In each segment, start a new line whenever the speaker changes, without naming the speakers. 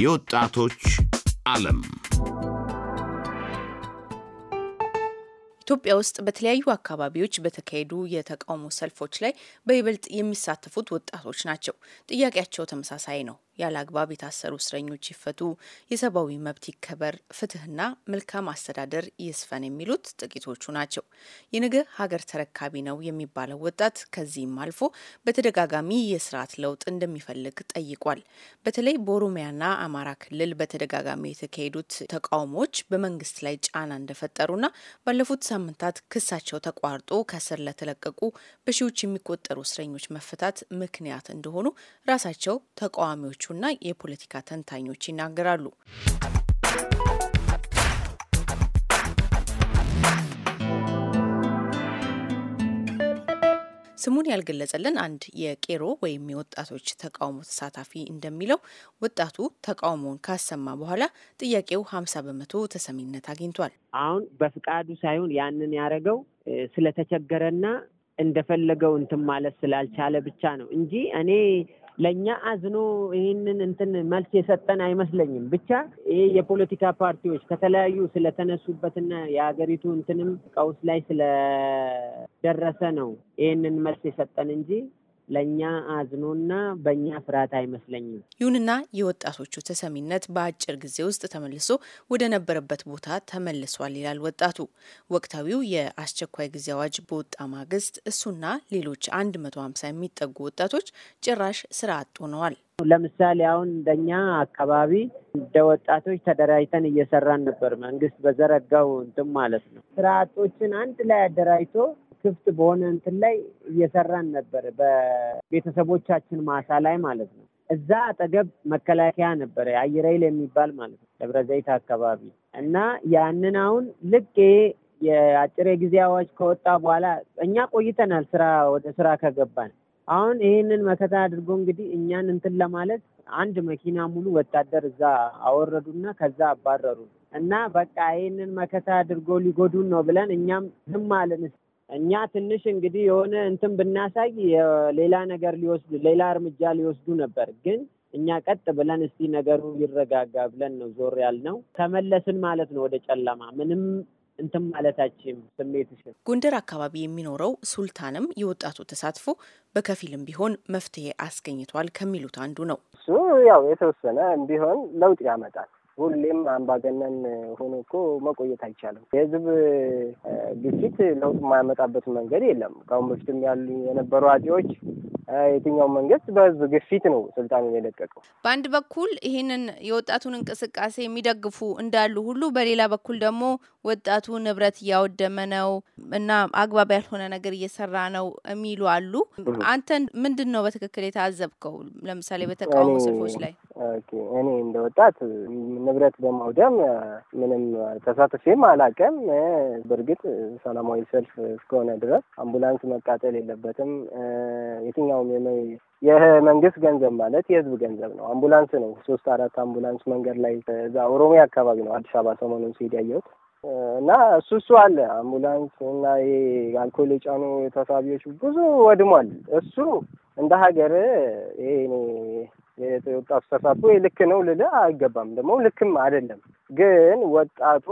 የወጣቶች ዓለም ኢትዮጵያ ውስጥ በተለያዩ አካባቢዎች በተካሄዱ የተቃውሞ ሰልፎች ላይ በይበልጥ የሚሳተፉት ወጣቶች ናቸው። ጥያቄያቸው ተመሳሳይ ነው። ያለ አግባብ የታሰሩ እስረኞች ይፈቱ፣ የሰብአዊ መብት ይከበር፣ ፍትህና መልካም አስተዳደር ይስፈን የሚሉት ጥቂቶቹ ናቸው። የነገ ሀገር ተረካቢ ነው የሚባለው ወጣት ከዚህም አልፎ በተደጋጋሚ የስርዓት ለውጥ እንደሚፈልግ ጠይቋል። በተለይ በኦሮሚያና አማራ ክልል በተደጋጋሚ የተካሄዱት ተቃውሞዎች በመንግስት ላይ ጫና እንደፈጠሩና ባለፉት ሳምንታት ክሳቸው ተቋርጦ ከስር ለተለቀቁ በሺዎች የሚቆጠሩ እስረኞች መፈታት ምክንያት እንደሆኑ ራሳቸው ተቃዋሚዎች እንደሆነችውና የፖለቲካ ተንታኞች ይናገራሉ። ስሙን ያልገለጸልን አንድ የቄሮ ወይም የወጣቶች ተቃውሞ ተሳታፊ እንደሚለው ወጣቱ ተቃውሞውን ካሰማ በኋላ ጥያቄው ሀምሳ በመቶ ተሰሚነት አግኝቷል። አሁን በፍቃዱ ሳይሆን ያንን ያደረገው
ስለተቸገረና እንደፈለገው እንትን ማለት ስላልቻለ ብቻ ነው እንጂ እኔ ለእኛ አዝኖ ይህንን እንትን መልስ የሰጠን አይመስለኝም። ብቻ ይህ የፖለቲካ ፓርቲዎች ከተለያዩ ስለተነሱበትና የሀገሪቱ እንትንም ቀውስ ላይ ስለደረሰ ነው ይህንን መልስ የሰጠን እንጂ ለእኛ አዝኖና በእኛ
ፍርሃት አይመስለኝም። ይሁንና የወጣቶቹ ተሰሚነት በአጭር ጊዜ ውስጥ ተመልሶ ወደ ነበረበት ቦታ ተመልሷል ይላል ወጣቱ። ወቅታዊው የአስቸኳይ ጊዜ አዋጅ በወጣ ማግስት እሱና ሌሎች 150 የሚጠጉ ወጣቶች ጭራሽ ስራ አጥ ሆነዋል።
ለምሳሌ አሁን እንደኛ አካባቢ እንደ ወጣቶች ተደራጅተን እየሰራን ነበር። መንግስት በዘረጋው እንትን ማለት ነው ስራ አጦችን አንድ ላይ አደራጅቶ ክፍት በሆነ እንትን ላይ እየሰራን ነበር፣ በቤተሰቦቻችን ማሳ ላይ ማለት ነው። እዛ አጠገብ መከላከያ ነበረ የአየር ኃይል የሚባል ማለት ነው፣ ደብረ ዘይት አካባቢ እና ያንን አሁን ልክ የአጭር ጊዜ አዋጅ ከወጣ በኋላ እኛ ቆይተናል፣ ስራ ወደ ስራ ከገባን አሁን ይህንን መከታ አድርጎ እንግዲህ እኛን እንትን ለማለት አንድ መኪና ሙሉ ወታደር እዛ አወረዱና ከዛ አባረሩ እና በቃ ይህንን መከታ አድርጎ ሊጎዱን ነው ብለን እኛም ዝም አልን። እኛ ትንሽ እንግዲህ የሆነ እንትን ብናሳይ ሌላ ነገር ሊወስዱ ሌላ እርምጃ ሊወስዱ ነበር ግን እኛ ቀጥ ብለን እስቲ ነገሩ ይረጋጋ ብለን ነው ዞር ያልነው። ተመለስን
ማለት ነው ወደ ጨለማ
ምንም እንትም ማለታችን ስሜት
ጎንደር አካባቢ የሚኖረው ሱልታንም የወጣቱ ተሳትፎ በከፊልም ቢሆን መፍትሄ አስገኝቷል ከሚሉት አንዱ ነው።
እሱ ያው የተወሰነ ቢሆን ለውጥ ያመጣል ሁሌም አምባገነን ሆኖ እኮ መቆየት አይቻልም። የህዝብ ግፊት ለውጥ የማያመጣበት መንገድ የለም። ከአሁን በፊትም ያሉ የነበሩ አጼዎች የትኛው መንግስት በህዝብ ግፊት ነው ስልጣኑን የለቀቀው።
በአንድ በኩል ይህንን የወጣቱን እንቅስቃሴ የሚደግፉ እንዳሉ ሁሉ በሌላ በኩል ደግሞ ወጣቱ ንብረት እያወደመ ነው እና አግባብ ያልሆነ ነገር እየሰራ ነው የሚሉ አሉ። አንተ ምንድን ነው በትክክል የታዘብከው? ለምሳሌ በተቃውሞ ሰልፎች ላይ
እኔ እንደ ወጣት ንብረት በማውደም ምንም ተሳትፌም አላውቅም። በእርግጥ ሰላማዊ ሰልፍ እስከሆነ ድረስ አምቡላንስ መቃጠል የለበትም። የትኛውም የመንግስት ገንዘብ ማለት የህዝብ ገንዘብ ነው። አምቡላንስ ነው። ሶስት አራት አምቡላንስ መንገድ ላይ እዛ ኦሮሚያ አካባቢ ነው አዲስ አበባ ሰሞኑን ሲሄድ ያየሁት እና እሱ እሱ አለ አምቡላንስ እና አልኮል የጫኑ ተሳቢዎች ብዙ ወድሟል። እሱ እንደ ሀገር ይሄ የወጣቱ ተሳትፎ ልክ ነው ልል አይገባም፣ ደግሞ ልክም አይደለም። ግን ወጣቱ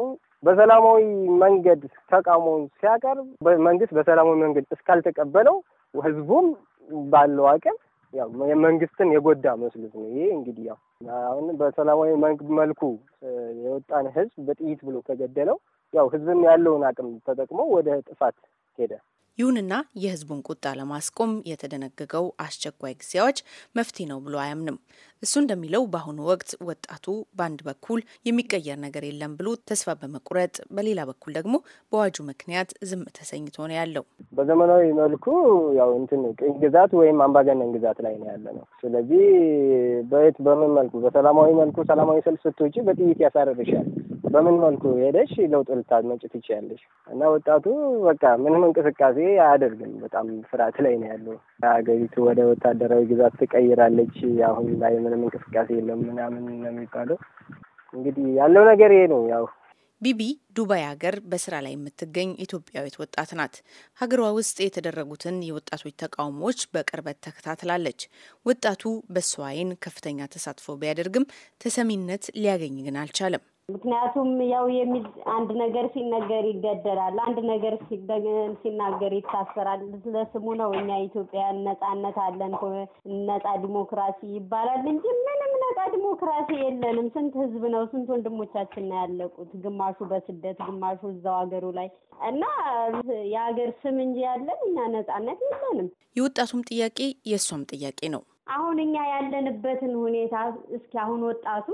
በሰላማዊ መንገድ ተቃውሞውን ሲያቀርብ መንግስት በሰላማዊ መንገድ እስካልተቀበለው ህዝቡም ባለው አቅም ያው የመንግስትን የጎዳ መስሉት ነው። ይሄ እንግዲህ ያው አሁን በሰላማዊ መልኩ የወጣን ህዝብ በጥይት ብሎ ከገደለው ያው ህዝብም ያለውን አቅም ተጠቅሞ ወደ ጥፋት ሄደ።
ይሁንና የህዝቡን ቁጣ ለማስቆም የተደነገገው አስቸኳይ ጊዜ አዋጅ መፍትሄ ነው ብሎ አያምንም። እሱ እንደሚለው በአሁኑ ወቅት ወጣቱ በአንድ በኩል የሚቀየር ነገር የለም ብሎ ተስፋ በመቁረጥ በሌላ በኩል ደግሞ በአዋጁ ምክንያት ዝም ተሰኝቶ ነው ያለው።
በዘመናዊ መልኩ ያው እንትን ቅኝ ግዛት ወይም አምባገነን ግዛት ላይ ነው ያለ ነው። ስለዚህ በየት በምን መልኩ በሰላማዊ መልኩ ሰላማዊ ሰልፍ ስትወጪ በጥይት ያሳረርሻል። በምን መልኩ ሄደሽ ለውጥ ልታመጭ ትችያለሽ? እና ወጣቱ በቃ ምንም እንቅስቃሴ አያደርግም። በጣም ፍርሃት ላይ ነው ያለው። ሀገሪቱ ወደ ወታደራዊ ግዛት ትቀይራለች፣ አሁን ላይ ምንም እንቅስቃሴ የለም ምናምን ነው የሚባለው። እንግዲህ ያለው ነገር ይሄ ነው ያው
ቢቢ ዱባይ ሀገር በስራ ላይ የምትገኝ ኢትዮጵያዊት ወጣት ናት። ሀገሯ ውስጥ የተደረጉትን የወጣቶች ተቃውሞዎች በቅርበት ተከታትላለች። ወጣቱ አይን ከፍተኛ ተሳትፎ ቢያደርግም ተሰሚነት ሊያገኝ ግን አልቻለም። ምክንያቱም
ያው አንድ ነገር ሲነገር ይገደላል፣ አንድ ነገር ሲናገር ይታሰራል። ለስሙ ነው እኛ ኢትዮጵያን ነጻነት አለን ነጻ ዲሞክራሲ ይባላል እንጂ ምንም ነጻ ዲሞክራሲ የለንም። ስንት ህዝብ ነው ስንት ወንድሞቻችን ነው ያለቁት፣ ግማሹ በስደት ግማሹ እዛው ሀገሩ ላይ እና የሀገር ስም እንጂ ያለን እኛ ነጻነት የለንም።
የወጣቱም ጥያቄ የእሷም ጥያቄ ነው።
አሁን እኛ ያለንበትን ሁኔታ እስኪ አሁን ወጣቱ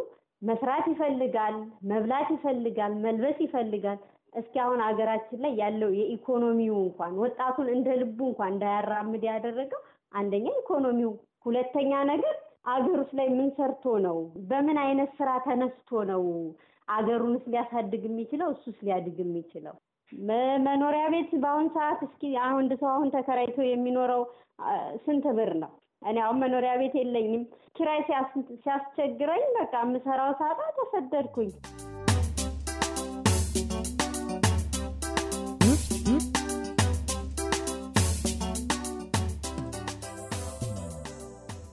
መስራት ይፈልጋል፣ መብላት ይፈልጋል፣ መልበስ ይፈልጋል። እስኪ አሁን ሀገራችን ላይ ያለው የኢኮኖሚው እንኳን ወጣቱን እንደ ልቡ እንኳን እንዳያራምድ ያደረገው አንደኛ ኢኮኖሚው፣ ሁለተኛ ነገር አገር ውስጥ ላይ ምን ሰርቶ ነው በምን አይነት ስራ ተነስቶ ነው አገሩንስ ሊያሳድግ የሚችለው እሱስ ሊያድግ የሚችለው መኖሪያ ቤት በአሁን ሰዓት እስኪ አንድ ሰው አሁን ተከራይቶ የሚኖረው ስንት ብር ነው? እኔ አሁን መኖሪያ ቤት የለኝም። ኪራይ ሲያስቸግረኝ በቃ የምሰራው ሳጣ ተሰደድኩኝ።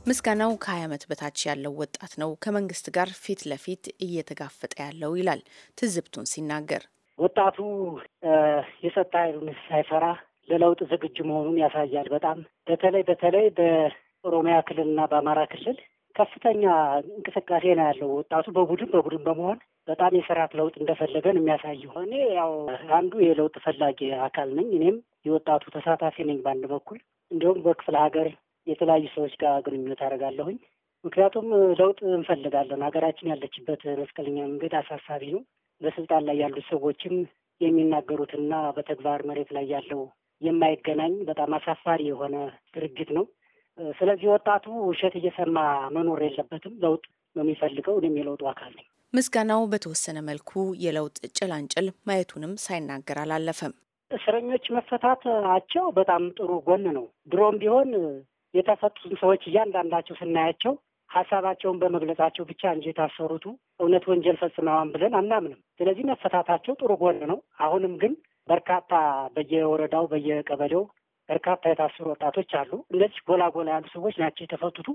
ምስጋናው ከ20 ዓመት በታች ያለው ወጣት ነው ከመንግስት ጋር ፊት ለፊት እየተጋፈጠ ያለው ይላል ትዝብቱን ሲናገር።
ወጣቱ የጸጥታ ኃይሉን ሳይፈራ ለለውጥ ዝግጁ መሆኑን ያሳያል። በጣም በተለይ በተለይ ኦሮሚያ ክልልና በአማራ ክልል ከፍተኛ እንቅስቃሴ ነው ያለው። ወጣቱ በቡድን በቡድን በመሆን በጣም የስርዓት ለውጥ እንደፈለገን የሚያሳይ እኔ ያው አንዱ የለውጥ ፈላጊ አካል ነኝ። እኔም የወጣቱ ተሳታፊ ነኝ። በአንድ በኩል እንዲሁም በክፍለ ሀገር የተለያዩ ሰዎች ጋር ግንኙነት አደርጋለሁኝ። ምክንያቱም ለውጥ እንፈልጋለን። ሀገራችን ያለችበት መስቀለኛ መንገድ አሳሳቢ ነው። በስልጣን ላይ ያሉት ሰዎችም የሚናገሩትና በተግባር መሬት ላይ ያለው የማይገናኝ በጣም አሳፋሪ የሆነ ድርጊት ነው። ስለዚህ ወጣቱ ውሸት እየሰማ መኖር የለበትም። ለውጥ ነው የሚፈልገው። እኔም የለውጡ አካል ነኝ።
ምስጋናው በተወሰነ መልኩ የለውጥ ጭላንጭል ማየቱንም ሳይናገር አላለፈም። እስረኞች መፈታታቸው
በጣም ጥሩ ጎን ነው። ድሮም ቢሆን የተፈቱትን ሰዎች እያንዳንዳቸው ስናያቸው ሀሳባቸውን በመግለጻቸው ብቻ እንጂ የታሰሩቱ እውነት ወንጀል ፈጽመዋን ብለን አናምንም። ስለዚህ መፈታታቸው ጥሩ ጎን ነው። አሁንም ግን በርካታ በየወረዳው በየቀበሌው በርካታ የታሰሩ ወጣቶች አሉ። እነዚህ ጎላ ጎላ ያሉ ሰዎች ናቸው የተፈቱቱ።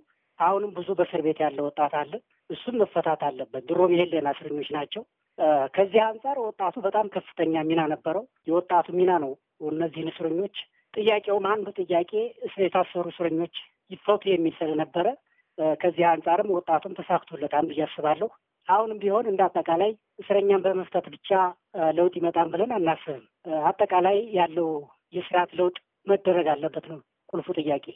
አሁንም ብዙ በእስር ቤት ያለ ወጣት አለ። እሱም መፈታት አለበት። ድሮም የህሊና እስረኞች ናቸው። ከዚህ አንጻር ወጣቱ በጣም ከፍተኛ ሚና ነበረው። የወጣቱ ሚና ነው እነዚህን እስረኞች ጥያቄውም አንዱ ጥያቄ የታሰሩ እስረኞች ይፈቱ የሚል ስለነበረ ከዚህ አንጻርም ወጣቱም ተሳክቶለታል ብዬ አስባለሁ። አሁንም ቢሆን እንደ አጠቃላይ እስረኛን በመፍታት ብቻ ለውጥ ይመጣም ብለን አናስብም። አጠቃላይ ያለው የስርዓት ለውጥ
መደረግ አለበት ነው ቁልፉ ጥያቄ።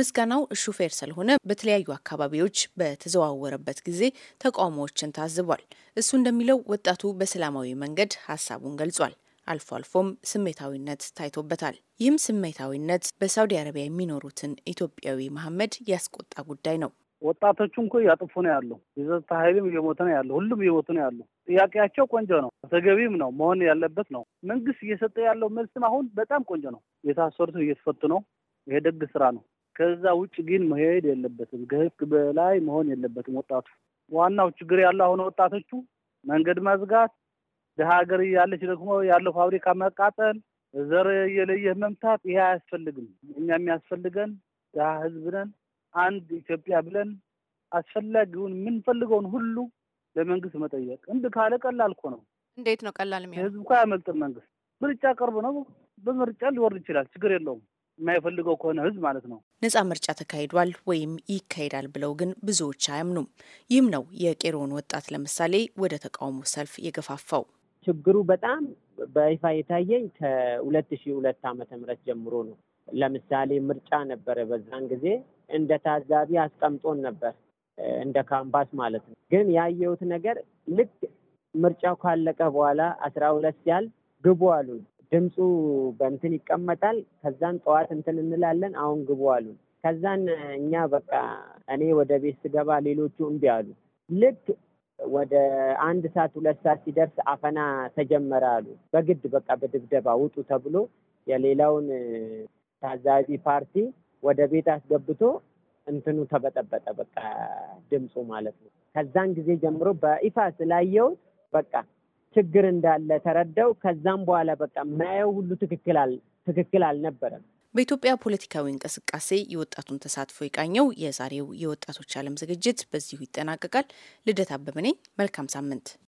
ምስጋናው ሹፌር ስለሆነ በተለያዩ አካባቢዎች በተዘዋወረበት ጊዜ ተቃውሞዎችን ታዝቧል። እሱ እንደሚለው ወጣቱ በሰላማዊ መንገድ ሀሳቡን ገልጿል። አልፎ አልፎም ስሜታዊነት ታይቶበታል። ይህም ስሜታዊነት በሳውዲ አረቢያ የሚኖሩትን ኢትዮጵያዊ መሐመድ ያስቆጣ ጉዳይ ነው። ወጣቶቹ
እንኮ እያጥፉ ነው ያለው። የጸጥታ ኃይልም እየሞተ ነው ያለው። ሁሉም እየሞተ ነው ያለው።
ጥያቄያቸው ቆንጆ ነው፣
ተገቢም ነው፣ መሆን ያለበት ነው። መንግስት እየሰጠ ያለው መልስም አሁን በጣም ቆንጆ ነው። የታሰሩትን እየተፈቱ ነው። ይሄ ደግ ስራ ነው። ከዛ ውጭ ግን መሄድ የለበትም። ከህግ በላይ መሆን የለበትም። ወጣቱ ዋናው ችግር ያለው አሁን ወጣቶቹ መንገድ መዝጋት፣ ድሀ ሀገር እያለች ደግሞ ያለው ፋብሪካ መቃጠል፣ ዘር እየለየህ መምታት፣ ይሄ አያስፈልግም። እኛ የሚያስፈልገን ድሀ ህዝብ ነን። አንድ ኢትዮጵያ ብለን አስፈላጊውን የምንፈልገውን ሁሉ ለመንግስት መጠየቅ እንድ ካለ ቀላል እኮ ነው።
እንዴት ነው ቀላል የሚሆነው? ህዝብ
እኮ አያመልጥም። መንግስት ምርጫ ቅርብ ነው። በምርጫ ሊወርድ ይችላል። ችግር የለውም። የማይፈልገው ከሆነ ህዝብ ማለት ነው።
ነጻ ምርጫ ተካሂዷል ወይም ይካሄዳል ብለው ግን ብዙዎች አያምኑም። ይህም ነው የቄሮን ወጣት ለምሳሌ ወደ ተቃውሞ ሰልፍ የገፋፋው።
ችግሩ በጣም በይፋ የታየኝ ከሁለት ሺ ሁለት ዓመተ ምህረት ጀምሮ ነው። ለምሳሌ ምርጫ ነበረ። በዛን ጊዜ እንደ ታዛቢ አስቀምጦን ነበር እንደ ካምፓስ ማለት ነው። ግን ያየሁት ነገር ልክ ምርጫው ካለቀ በኋላ አስራ ሁለት ያህል ግቡ አሉ። ድምፁ በእንትን ይቀመጣል። ከዛን ጠዋት እንትን እንላለን። አሁን ግቡ አሉ። ከዛን እኛ በቃ እኔ ወደ ቤት ስገባ ሌሎቹ እምቢ አሉ። ልክ ወደ አንድ ሰዓት ሁለት ሰዓት ሲደርስ አፈና ተጀመረ አሉ። በግድ በቃ በድብደባ ውጡ ተብሎ የሌላውን ታዛቢ ፓርቲ ወደ ቤት አስገብቶ እንትኑ ተበጠበጠ፣ በቃ ድምፁ ማለት ነው። ከዛን ጊዜ ጀምሮ በይፋ ስላየሁት በቃ ችግር እንዳለ ተረዳው። ከዛም በኋላ በቃ ማየው ሁሉ ትክክል አልነበረም።
በኢትዮጵያ ፖለቲካዊ እንቅስቃሴ የወጣቱን ተሳትፎ የቃኘው የዛሬው የወጣቶች ዓለም ዝግጅት በዚሁ ይጠናቀቃል። ልደት አበበ ነኝ። መልካም ሳምንት።